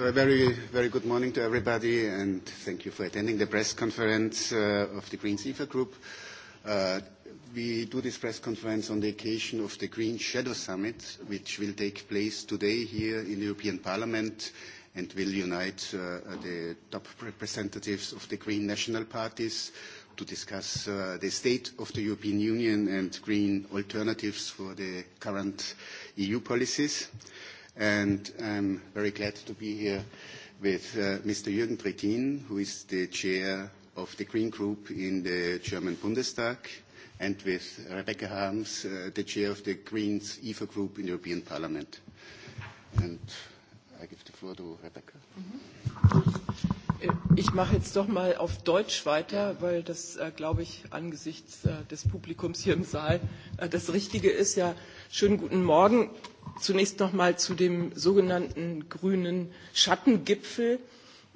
a very, very good morning to everybody, and thank you for attending the press conference of the Green Cipher Group. we do this press conference on the occasion of the Green Shadow Summit, which will take place today here in the European Parliament and will unite the top representatives of the Green national parties to discuss the state of the European Union and green alternatives for the current EU policies and I'm very glad to be here with uh, Mr. Jürgen Trittin, who is the chair of the Green Group in the German Bundestag, and with Rebecca Harms, uh, the chair of the Greens EFA Group in the European Parliament. And I give the floor to Rebecca. Ich mache jetzt doch mal auf Deutsch weiter, weil das, glaube ich, angesichts des Publikums hier im Saal das Richtige ist. Ja, schönen guten Morgen zunächst noch mal zu dem sogenannten grünen Schattengipfel.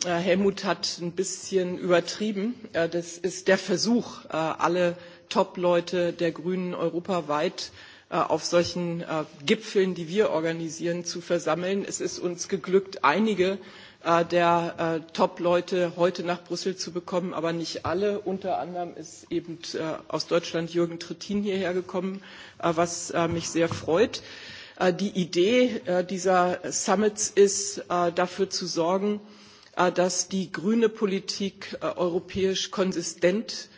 Helmut hat ein bisschen übertrieben. Das ist der Versuch, alle Top-Leute der Grünen europaweit auf solchen Gipfeln, die wir organisieren, zu versammeln. Es ist uns geglückt, einige der Top-Leute heute nach Brüssel zu bekommen, aber nicht alle. Unter anderem ist eben aus Deutschland Jürgen Trittin hierher gekommen, was mich sehr freut die Idee dieser Summits ist, dafür zu sorgen, dass die grüne Politik europäisch konsistent,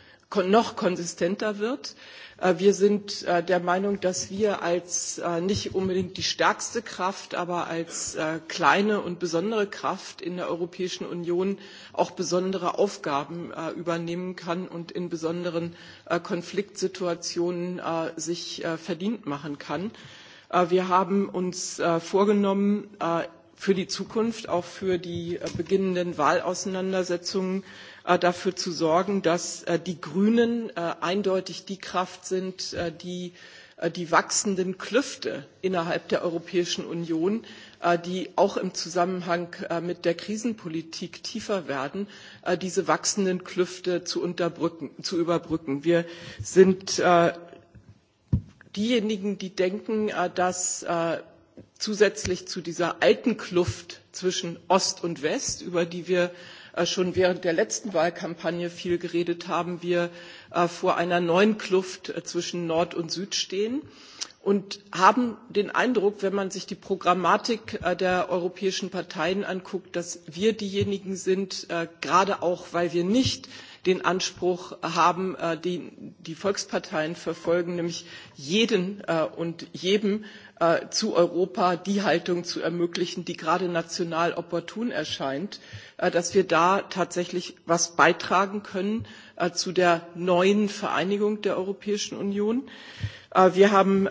noch konsistenter wird. Wir sind der Meinung, dass wir als nicht unbedingt die stärkste Kraft, aber als kleine und besondere Kraft in der Europäischen Union auch besondere Aufgaben übernehmen kann und in besonderen Konfliktsituationen sich verdient machen kann. Wir haben uns vorgenommen, für die Zukunft, auch für die beginnenden Wahlauseinandersetzungen, dafür zu sorgen, dass die Grünen eindeutig die Kraft sind, die die wachsenden Klüfte innerhalb der Europäischen Union, die auch im Zusammenhang mit der Krisenpolitik tiefer werden, diese wachsenden Klüfte zu, überbrücken. Wir sind diejenigen, die denken, dass zusätzlich zu dieser alten Kluft zwischen Ost und West, über die wir schon während der letzten Wahlkampagne viel geredet haben, wir vor einer neuen Kluft zwischen Nord und Süd stehen und haben den Eindruck, wenn man sich die Programmatik der europäischen Parteien anguckt, dass wir diejenigen sind, gerade auch weil wir nicht den Anspruch haben, den die Volksparteien verfolgen, nämlich jeden und jedem zu Europa die Haltung zu ermöglichen, die gerade national opportun erscheint, dass wir da tatsächlich etwas beitragen können zu der neuen Vereinigung der Europäischen Union. Wir haben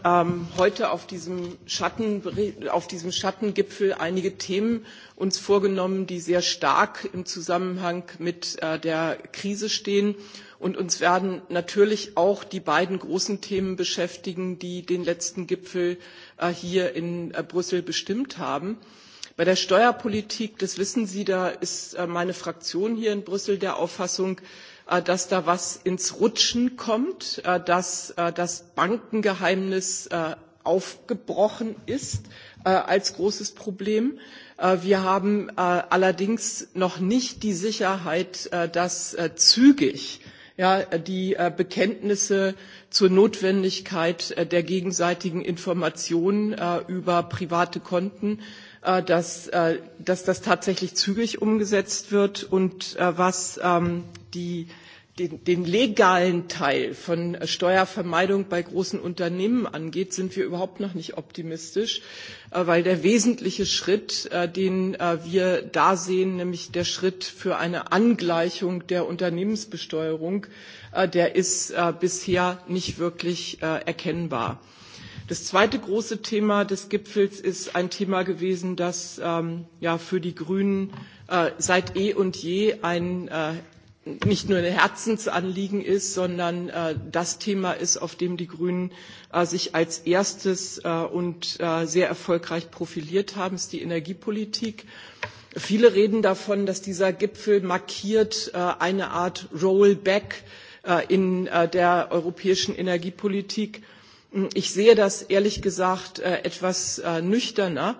heute auf diesem, Schattengipfel einige Themen uns vorgenommen, die sehr stark im Zusammenhang mit der Krise stehen. Und uns werden natürlich auch die beiden großen Themen beschäftigen, die den letzten Gipfel hier in Brüssel bestimmt haben. Bei der Steuerpolitik, das wissen Sie, da ist meine Fraktion hier in Brüssel der Auffassung, dass da was ins Rutschen kommt, dass das Bankengeheimnis aufgebrochen ist als großes Problem. Wir haben allerdings noch nicht die Sicherheit, dass zügig die Bekenntnisse zur Notwendigkeit der gegenseitigen Information über private Konten, dass, das tatsächlich zügig umgesetzt wird und was die den, den legalen Teil von Steuervermeidung bei großen Unternehmen angeht, sind wir überhaupt noch nicht optimistisch, weil der wesentliche Schritt, den wir da sehen, nämlich der Schritt für eine Angleichung der Unternehmensbesteuerung, der ist bisher nicht wirklich erkennbar. Das zweite große Thema des Gipfels ist ein Thema gewesen, das ja, für die Grünen seit eh und je ein nicht nur ein Herzensanliegen ist, sondern das Thema ist, auf dem die Grünen sich als erstes und sehr erfolgreich profiliert haben, ist die Energiepolitik. Viele reden davon, dass dieser Gipfel markiert eine Art Rollback in der europäischen Energiepolitik. Ich sehe das ehrlich gesagt etwas nüchterner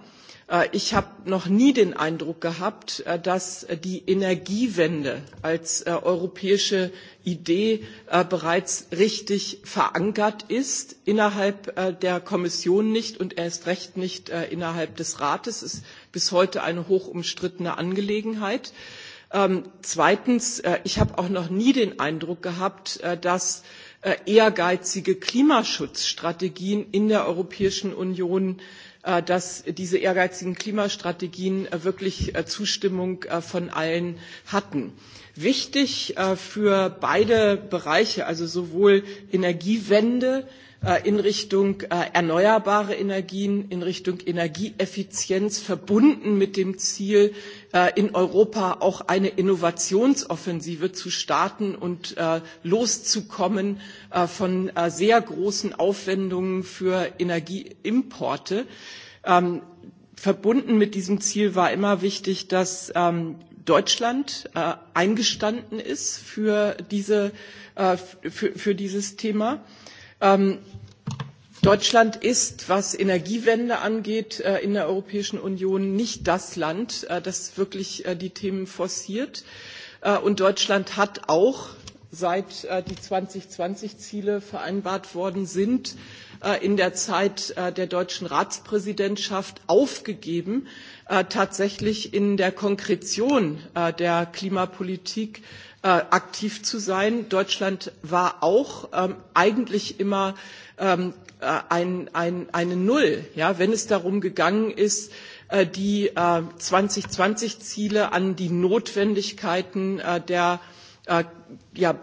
Ich habe noch nie den Eindruck gehabt, dass die Energiewende als europäische Idee bereits richtig verankert ist, innerhalb der Kommission nicht und erst recht nicht innerhalb des Rates. Es ist bis heute eine hoch umstrittene Angelegenheit. Zweitens, ich habe auch noch nie den Eindruck gehabt, dass ehrgeizige Klimaschutzstrategien in der Europäischen Union dass diese ehrgeizigen Klimastrategien wirklich Zustimmung von allen hatten wichtig für beide Bereiche, also sowohl Energiewende in Richtung erneuerbare Energien, in Richtung Energieeffizienz, verbunden mit dem Ziel, in Europa auch eine Innovationsoffensive zu starten und loszukommen von sehr großen Aufwendungen für Energieimporte. Verbunden mit diesem Ziel war immer wichtig, dass Deutschland eingestanden ist für, diese, für, für dieses Thema. Deutschland ist, was Energiewende angeht, in der Europäischen Union nicht das Land, das wirklich die Themen forciert. Und Deutschland hat auch, seit die 2020-Ziele vereinbart worden sind, in der Zeit der deutschen Ratspräsidentschaft aufgegeben, tatsächlich in der Konkretion der Klimapolitik aktiv zu sein. Deutschland war auch eigentlich immer eine Null, wenn es darum gegangen ist, die 2020-Ziele an die Notwendigkeiten der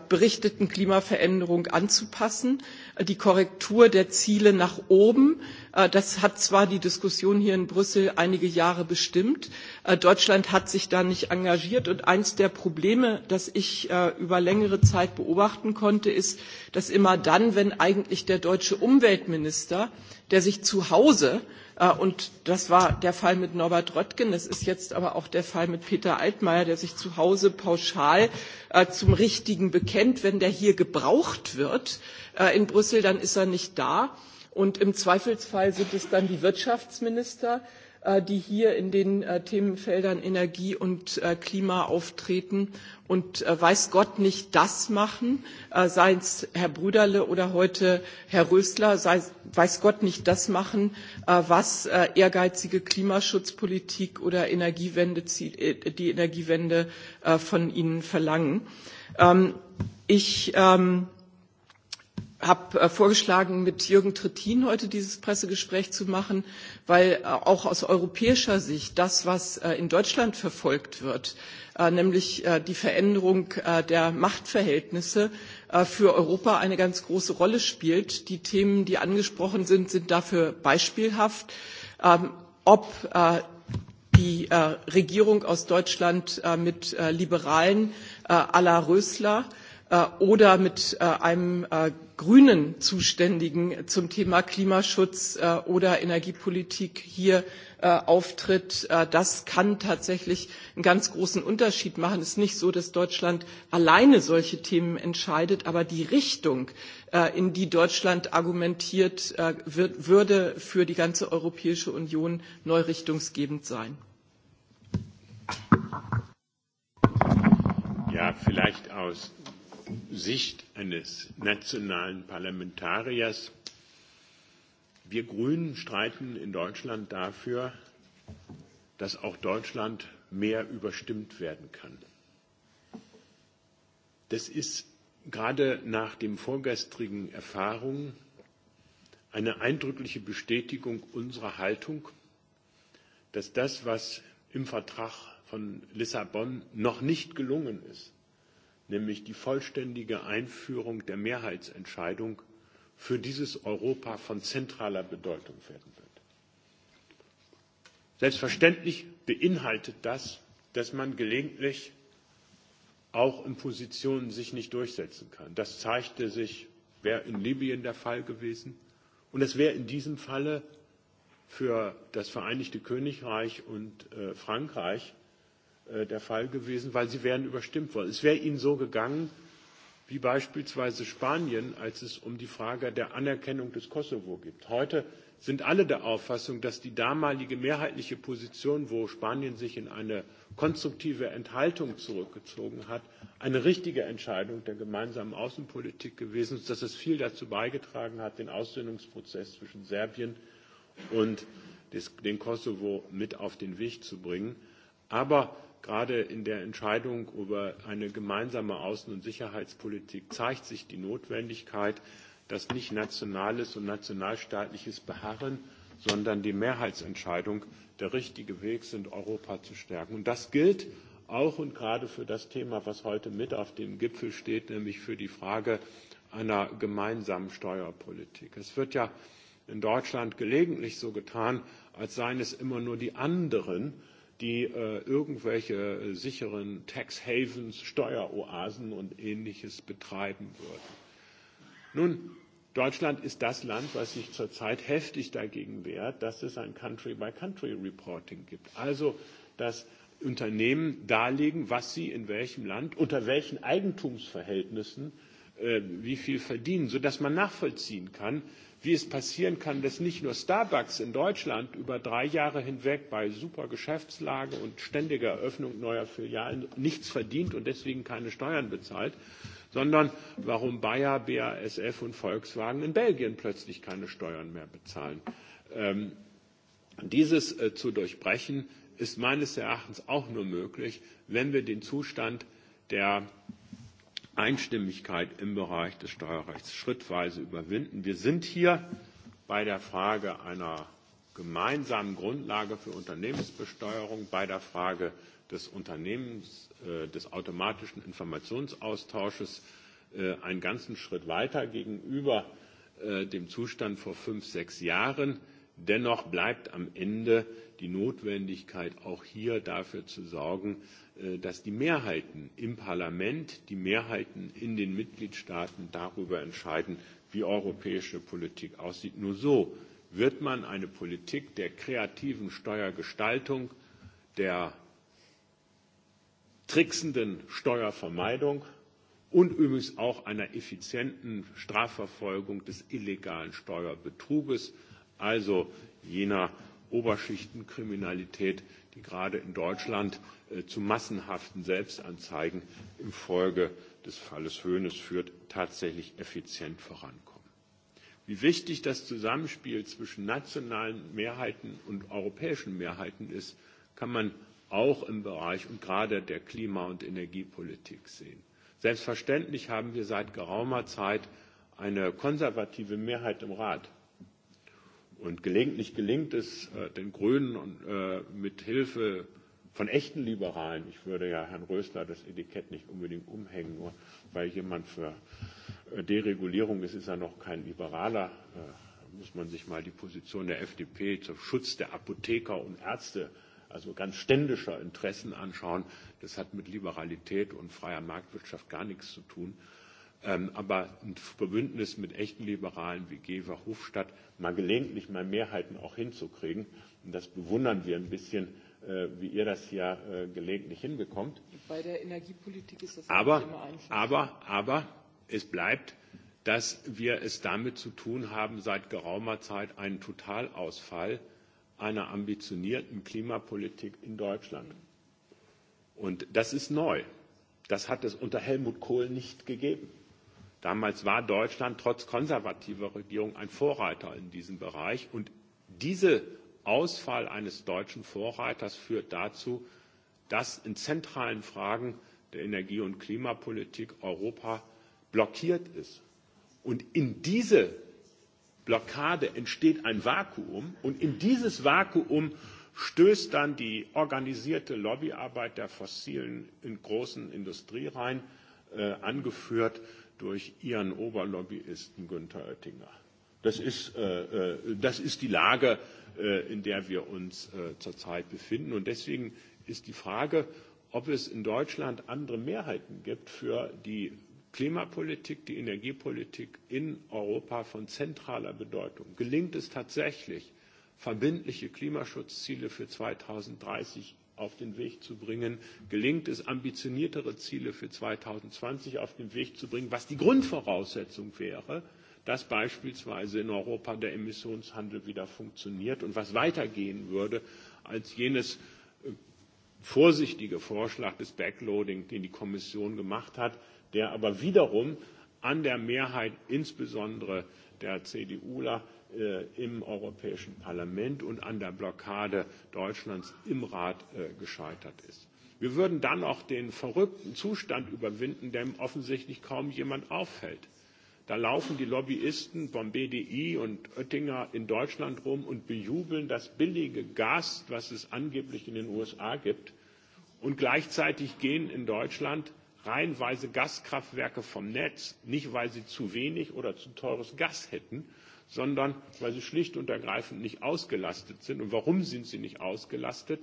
berichteten Klimaveränderung anzupassen, die Korrektur der Ziele nach oben. Das hat zwar die Diskussion hier in Brüssel einige Jahre bestimmt. Deutschland hat sich da nicht engagiert. Und eines der Probleme, das ich über längere Zeit beobachten konnte, ist, dass immer dann, wenn eigentlich der deutsche Umweltminister, der sich zu Hause Und das war der Fall mit Norbert Röttgen. Das ist jetzt aber auch der Fall mit Peter Altmaier, der sich zu Hause pauschal zum Richtigen bekennt. Wenn der hier gebraucht wird in Brüssel, dann ist er nicht da. Und im Zweifelsfall sind es dann die Wirtschaftsminister, die hier in den Themenfeldern Energie und Klima auftreten und weiß Gott nicht das machen, sei es Herr Brüderle oder heute Herr Rösler, weiß Gott nicht das machen, was ehrgeizige Klimaschutzpolitik oder Energiewende, die Energiewende von ihnen verlangen. Ich habe vorgeschlagen, mit Jürgen Trittin heute dieses Pressegespräch zu machen, weil auch aus europäischer Sicht das, was in Deutschland verfolgt wird, nämlich die Veränderung der Machtverhältnisse, für Europa eine ganz große Rolle spielt. Die Themen, die angesprochen sind, sind dafür beispielhaft. Ob die Regierung aus Deutschland mit Liberalen à la Rösler oder mit einem grünen Zuständigen zum Thema Klimaschutz oder Energiepolitik hier auftritt. das kann tatsächlich einen ganz großen Unterschied machen. Es ist nicht so, dass Deutschland alleine solche Themen entscheidet, aber die Richtung, in die Deutschland argumentiert, würde für die ganze Europäische Union neu richtungsgebend sein. Ja, vielleicht aus Sicht eines nationalen Parlamentariers. Wir Grünen streiten in Deutschland dafür, dass auch Deutschland mehr überstimmt werden kann. Das ist gerade nach den vorgestrigen Erfahrungen eine eindrückliche Bestätigung unserer Haltung, dass das, was im Vertrag von Lissabon noch nicht gelungen ist, nämlich die vollständige Einführung der Mehrheitsentscheidung für dieses Europa von zentraler Bedeutung werden wird. Selbstverständlich beinhaltet das, dass man gelegentlich auch in Positionen sich nicht durchsetzen kann. Das zeigte sich, wäre in Libyen der Fall gewesen. Und es wäre in diesem Falle für das Vereinigte Königreich und Frankreich der Fall gewesen, weil sie wären überstimmt worden. Es wäre ihnen so gegangen wie beispielsweise Spanien, als es um die Frage der Anerkennung des Kosovo geht. Heute sind alle der Auffassung, dass die damalige mehrheitliche Position, wo Spanien sich in eine konstruktive Enthaltung zurückgezogen hat, eine richtige Entscheidung der gemeinsamen Außenpolitik gewesen ist, dass es viel dazu beigetragen hat, den Aussöhnungsprozess zwischen Serbien und den Kosovo mit auf den Weg zu bringen. Aber Gerade in der Entscheidung über eine gemeinsame Außen- und Sicherheitspolitik zeigt sich die Notwendigkeit, dass nicht nationales und nationalstaatliches Beharren, sondern die Mehrheitsentscheidung der richtige Weg sind, Europa zu stärken. Und das gilt auch und gerade für das Thema, was heute mit auf dem Gipfel steht, nämlich für die Frage einer gemeinsamen Steuerpolitik. Es wird ja in Deutschland gelegentlich so getan, als seien es immer nur die anderen, die äh, irgendwelche sicheren Tax Havens, Steueroasen und ähnliches betreiben würden. Nun, Deutschland ist das Land, was sich zurzeit heftig dagegen wehrt, dass es ein Country-by-Country-Reporting gibt. Also, dass Unternehmen darlegen, was sie in welchem Land, unter welchen Eigentumsverhältnissen, äh, wie viel verdienen, sodass man nachvollziehen kann, wie es passieren kann, dass nicht nur Starbucks in Deutschland über drei Jahre hinweg bei super Geschäftslage und ständiger Eröffnung neuer Filialen nichts verdient und deswegen keine Steuern bezahlt, sondern warum Bayer, BASF und Volkswagen in Belgien plötzlich keine Steuern mehr bezahlen. dieses zu durchbrechen ist meines Erachtens auch nur möglich, wenn wir den Zustand der Einstimmigkeit im Bereich des Steuerrechts schrittweise überwinden. Wir sind hier bei der Frage einer gemeinsamen Grundlage für Unternehmensbesteuerung, bei der Frage des Unternehmens, des automatischen Informationsaustausches einen ganzen Schritt weiter gegenüber dem Zustand vor fünf, sechs Jahren. Dennoch bleibt am Ende die Notwendigkeit, auch hier dafür zu sorgen, dass die Mehrheiten im Parlament, die Mehrheiten in den Mitgliedstaaten darüber entscheiden, wie europäische Politik aussieht. Nur so wird man eine Politik der kreativen Steuergestaltung, der tricksenden Steuervermeidung und übrigens auch einer effizienten Strafverfolgung des illegalen Steuerbetruges, also jener Oberschichtenkriminalität, die gerade in Deutschland zu massenhaften Selbstanzeigen infolge des Falles Hoeneß führt, tatsächlich effizient vorankommen. Wie wichtig das Zusammenspiel zwischen nationalen Mehrheiten und europäischen Mehrheiten ist, kann man auch im Bereich und gerade der Klima- und Energiepolitik sehen. Selbstverständlich haben wir seit geraumer Zeit eine konservative Mehrheit im Rat, Und gelegentlich gelingt es äh, den Grünen und, äh, mit Hilfe von echten Liberalen, ich würde ja Herrn Rösler das Etikett nicht unbedingt umhängen, nur weil jemand für Deregulierung ist, ist er noch kein Liberaler. Äh, muss man sich mal die Position der FDP zum Schutz der Apotheker und Ärzte, also ganz ständischer Interessen anschauen. Das hat mit Liberalität und freier Marktwirtschaft gar nichts zu tun. Äh, aber ein Bündnis mit echten Liberalen wie Gewer Hofstadt mal gelegentlich mal Mehrheiten auch hinzukriegen. Und das bewundern wir ein bisschen, wie ihr das hier gelegentlich hinbekommt. Bei der Energiepolitik ist das aber, immer aber, aber es bleibt, dass wir es damit zu tun haben, seit geraumer Zeit einen Totalausfall einer ambitionierten Klimapolitik in Deutschland. Und das ist neu. Das hat es unter Helmut Kohl nicht gegeben. Damals war Deutschland trotz konservativer Regierung ein Vorreiter in diesem Bereich. Und dieser Ausfall eines deutschen Vorreiters führt dazu, dass in zentralen Fragen der Energie- und Klimapolitik Europa blockiert ist. Und in diese Blockade entsteht ein Vakuum und in dieses Vakuum stößt dann die organisierte Lobbyarbeit der Fossilen in großen Industrie rein, angeführt durch Ihren Oberlobbyisten Günther Oettinger. Das ist, äh, das ist die Lage, äh, in der wir uns äh, zurzeit befinden. Und deswegen ist die Frage, ob es in Deutschland andere Mehrheiten gibt für die Klimapolitik, die Energiepolitik in Europa von zentraler Bedeutung. Gelingt es tatsächlich, verbindliche Klimaschutzziele für 2030 auf den Weg zu bringen, gelingt es, ambitioniertere Ziele für 2020 auf den Weg zu bringen, was die Grundvoraussetzung wäre, dass beispielsweise in Europa der Emissionshandel wieder funktioniert und was weitergehen würde als jenes vorsichtige Vorschlag des Backloading, den die Kommission gemacht hat, der aber wiederum an der Mehrheit insbesondere der CDUler im Europäischen Parlament und an der Blockade Deutschlands im Rat gescheitert ist. Wir würden dann auch den verrückten Zustand überwinden, dem offensichtlich kaum jemand auffällt. Da laufen die Lobbyisten vom BDI und Oettinger in Deutschland rum und bejubeln das billige Gas, was es angeblich in den USA gibt. Und gleichzeitig gehen in Deutschland reihenweise Gaskraftwerke vom Netz, nicht weil sie zu wenig oder zu teures Gas hätten, sondern weil sie schlicht und ergreifend nicht ausgelastet sind. Und warum sind sie nicht ausgelastet?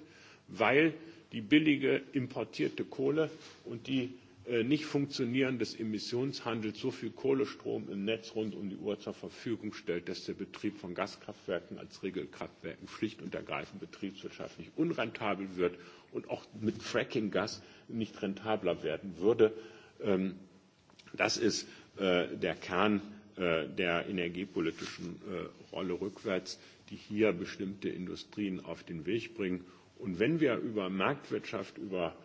Weil die billige importierte Kohle und die nicht funktionieren des Emissionshandels so viel Kohlestrom im Netz rund um die Uhr zur Verfügung stellt, dass der Betrieb von Gaskraftwerken als Regelkraftwerken schlicht und ergreifend betriebswirtschaftlich unrentabel wird und auch mit Fracking-Gas nicht rentabler werden würde. Das ist der Kern der energiepolitischen Rolle rückwärts, die hier bestimmte Industrien auf den Weg bringen. Und wenn wir über Marktwirtschaft, über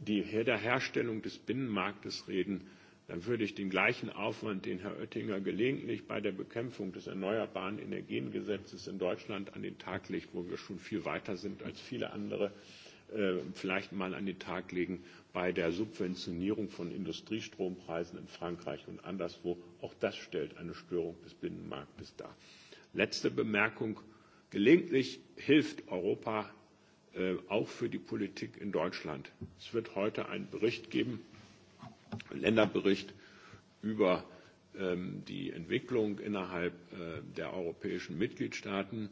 die Herstellung des Binnenmarktes reden, dann würde ich den gleichen Aufwand, den Herr Oettinger gelegentlich bei der Bekämpfung des Erneuerbaren Energiengesetzes in Deutschland an den Tag legt, wo wir schon viel weiter sind als viele andere, vielleicht mal an den Tag legen bei der Subventionierung von Industriestrompreisen in Frankreich und anderswo. Auch das stellt eine Störung des Binnenmarktes dar. Letzte Bemerkung. Gelegentlich hilft Europa auch für die Politik in Deutschland. Es wird heute einen Bericht geben, einen Länderbericht über die Entwicklung innerhalb der europäischen Mitgliedstaaten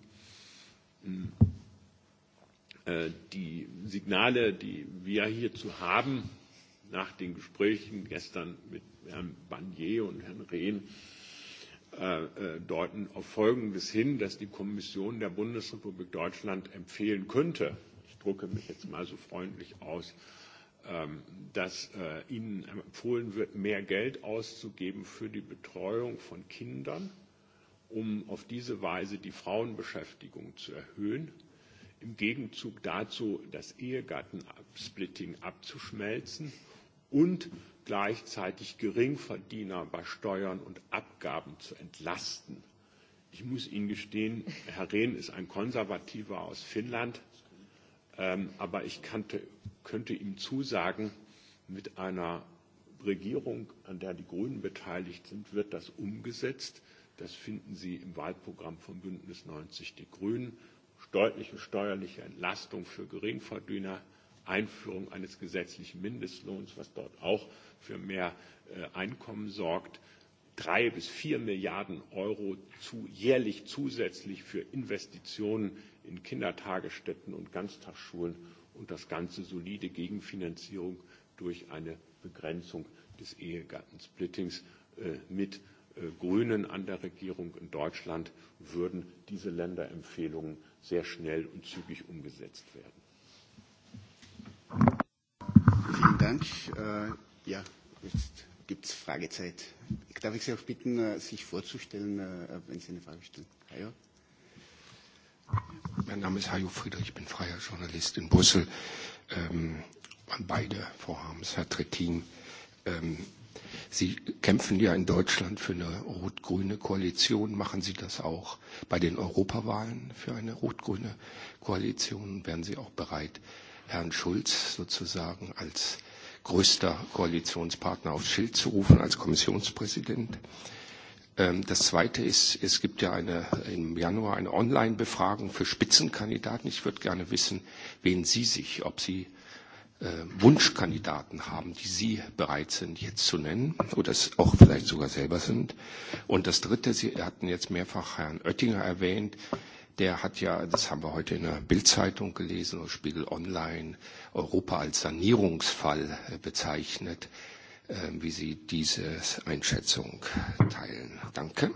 die Signale, die wir hierzu haben, nach den Gesprächen gestern mit Herrn Barnier und Herrn Rehn, deuten auf Folgendes hin, dass die Kommission der Bundesrepublik Deutschland empfehlen könnte, ich drucke mich jetzt mal so freundlich aus, dass ihnen empfohlen wird, mehr Geld auszugeben für die Betreuung von Kindern, um auf diese Weise die Frauenbeschäftigung zu erhöhen im Gegenzug dazu das Ehegattensplitting abzuschmelzen und gleichzeitig Geringverdiener bei Steuern und Abgaben zu entlasten. Ich muss Ihnen gestehen, Herr Rehn ist ein Konservativer aus Finnland, ähm, aber ich kannte, könnte ihm zusagen, mit einer Regierung, an der die Grünen beteiligt sind, wird das umgesetzt. Das finden Sie im Wahlprogramm von Bündnis 90 Die Grünen deutliche steuerliche Entlastung für Geringverdiener, Einführung eines gesetzlichen Mindestlohns, was dort auch für mehr Einkommen sorgt, drei bis vier Milliarden Euro zu, jährlich zusätzlich für Investitionen in Kindertagesstätten und Ganztagsschulen und das Ganze solide Gegenfinanzierung durch eine Begrenzung des Ehegattensplittings mit Grünen an der Regierung in Deutschland würden diese Länderempfehlungen sehr schnell und zügig umgesetzt werden. Vielen Dank. Ja, jetzt gibt es Fragezeit. Darf ich Sie auch bitten, sich vorzustellen, wenn Sie eine Frage stellen? Hajo? Mein Name ist Hajo Friedrich, ich bin freier Journalist in Brüssel. Ähm, an beide Vorhabens, Herr Trittin. Ähm, Sie kämpfen ja in Deutschland für eine rot-grüne Koalition. Machen Sie das auch bei den Europawahlen für eine rot-grüne Koalition? Wären Sie auch bereit, Herrn Schulz sozusagen als größter Koalitionspartner aufs Schild zu rufen, als Kommissionspräsident? Das Zweite ist, es gibt ja eine, im Januar eine Online-Befragung für Spitzenkandidaten. Ich würde gerne wissen, wen Sie sich, ob Sie Wunschkandidaten haben, die Sie bereit sind, jetzt zu nennen oder es auch vielleicht sogar selber sind. Und das Dritte, Sie hatten jetzt mehrfach Herrn Oettinger erwähnt, der hat ja, das haben wir heute in der Bildzeitung gelesen und Spiegel Online, Europa als Sanierungsfall bezeichnet, wie Sie diese Einschätzung teilen. Danke.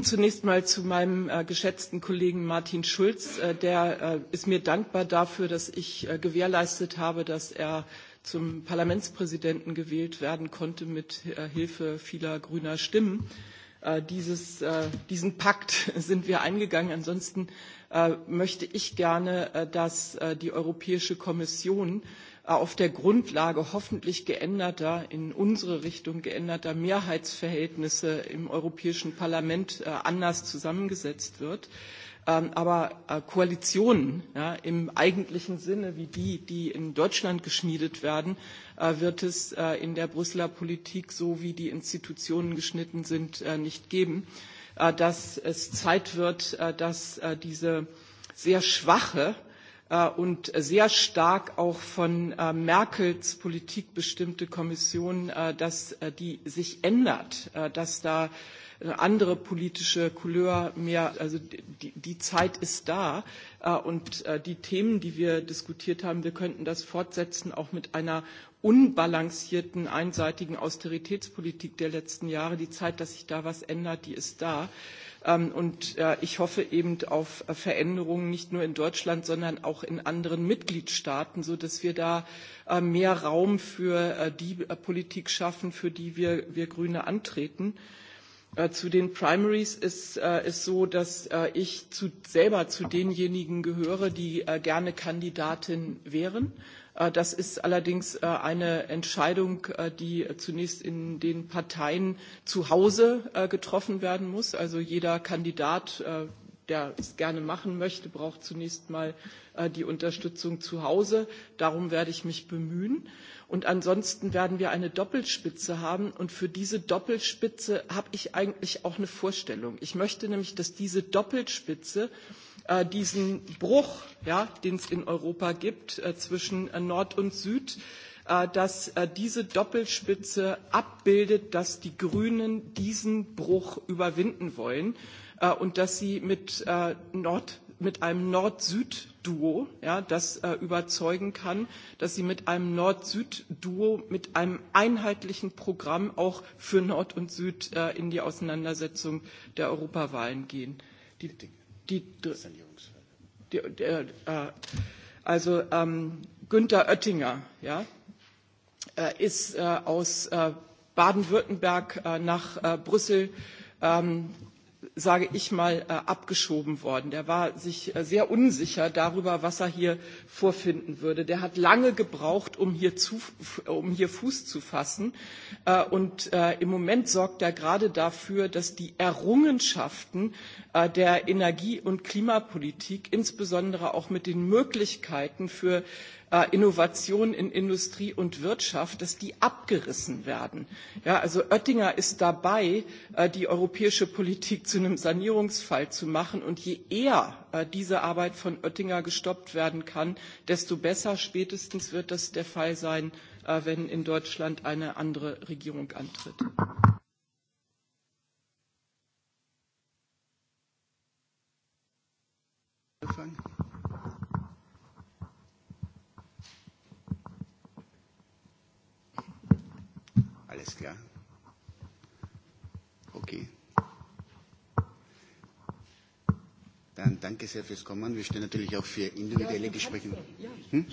Zunächst mal zu meinem geschätzten Kollegen Martin Schulz. der ist mir dankbar dafür, dass ich gewährleistet habe, dass er zum Parlamentspräsidenten gewählt werden konnte mit Hilfe vieler grüner Stimmen. diesen Pakt sind wir eingegangen. Ansonsten möchte ich gerne, dass die Europäische Kommission auf der Grundlage hoffentlich geänderter, in unsere Richtung geänderter Mehrheitsverhältnisse im Europäischen Parlament anders zusammengesetzt wird. Aber Koalitionen im eigentlichen Sinne, wie die, die in Deutschland geschmiedet werden, wird es in der Brüsseler Politik, so wie die Institutionen geschnitten sind, nicht geben. Dass es Zeit wird, dass diese sehr schwache und sehr stark auch von Merkels Politik bestimmte Kommission, dass die sich ändert, dass da eine andere politische Couleur mehr, also die, Zeit ist da und die Themen, die wir diskutiert haben, wir könnten das fortsetzen auch mit einer unbalancierten, einseitigen Austeritätspolitik der letzten Jahre. Die Zeit, dass sich da was ändert, die ist da Und ich hoffe eben auf Veränderungen nicht nur in Deutschland, sondern auch in anderen Mitgliedstaaten, sodass wir da mehr Raum für die Politik schaffen, für die wir Grüne antreten. Zu den Primaries ist es so, dass ich selber zu denjenigen gehöre, die gerne Kandidatin wären Das ist allerdings eine Entscheidung, die zunächst in den Parteien zu Hause getroffen werden muss. Also jeder Kandidat der es gerne machen möchte, braucht zunächst mal die Unterstützung zu Hause. Darum werde ich mich bemühen. Und ansonsten werden wir eine Doppelspitze haben. Und für diese Doppelspitze habe ich eigentlich auch eine Vorstellung. Ich möchte nämlich, dass diese Doppelspitze diesen Bruch, den es in Europa gibt zwischen Nord und Süd, dass diese Doppelspitze abbildet, dass die Grünen diesen Bruch überwinden wollen und dass sie mit, einem Nord-Süd-Duo das überzeugen kann, dass sie mit einem Nord-Süd-Duo, mit einem einheitlichen Programm auch für Nord und Süd in die Auseinandersetzung der Europawahlen gehen. also Günther Oettinger ist aus Baden-Württemberg nach Brüssel sage ich mal, abgeschoben worden. Der war sich sehr unsicher darüber, was er hier vorfinden würde. Der hat lange gebraucht, um hier, Fuß zu fassen. Und im Moment sorgt er gerade dafür, dass die Errungenschaften der Energie- und Klimapolitik, insbesondere auch mit den Möglichkeiten für Innovationen in Industrie und Wirtschaft, dass die abgerissen werden. also Oettinger ist dabei, die europäische Politik zu einem Sanierungsfall zu machen. Und je eher diese Arbeit von Oettinger gestoppt werden kann, desto besser. Spätestens wird das der Fall sein, wenn in Deutschland eine andere Regierung antritt. anfangen. rest, ja? Okay. Dann danke sehr fürs Kommen. Wir stehen natürlich auch für individuelle Gespräche. Hm?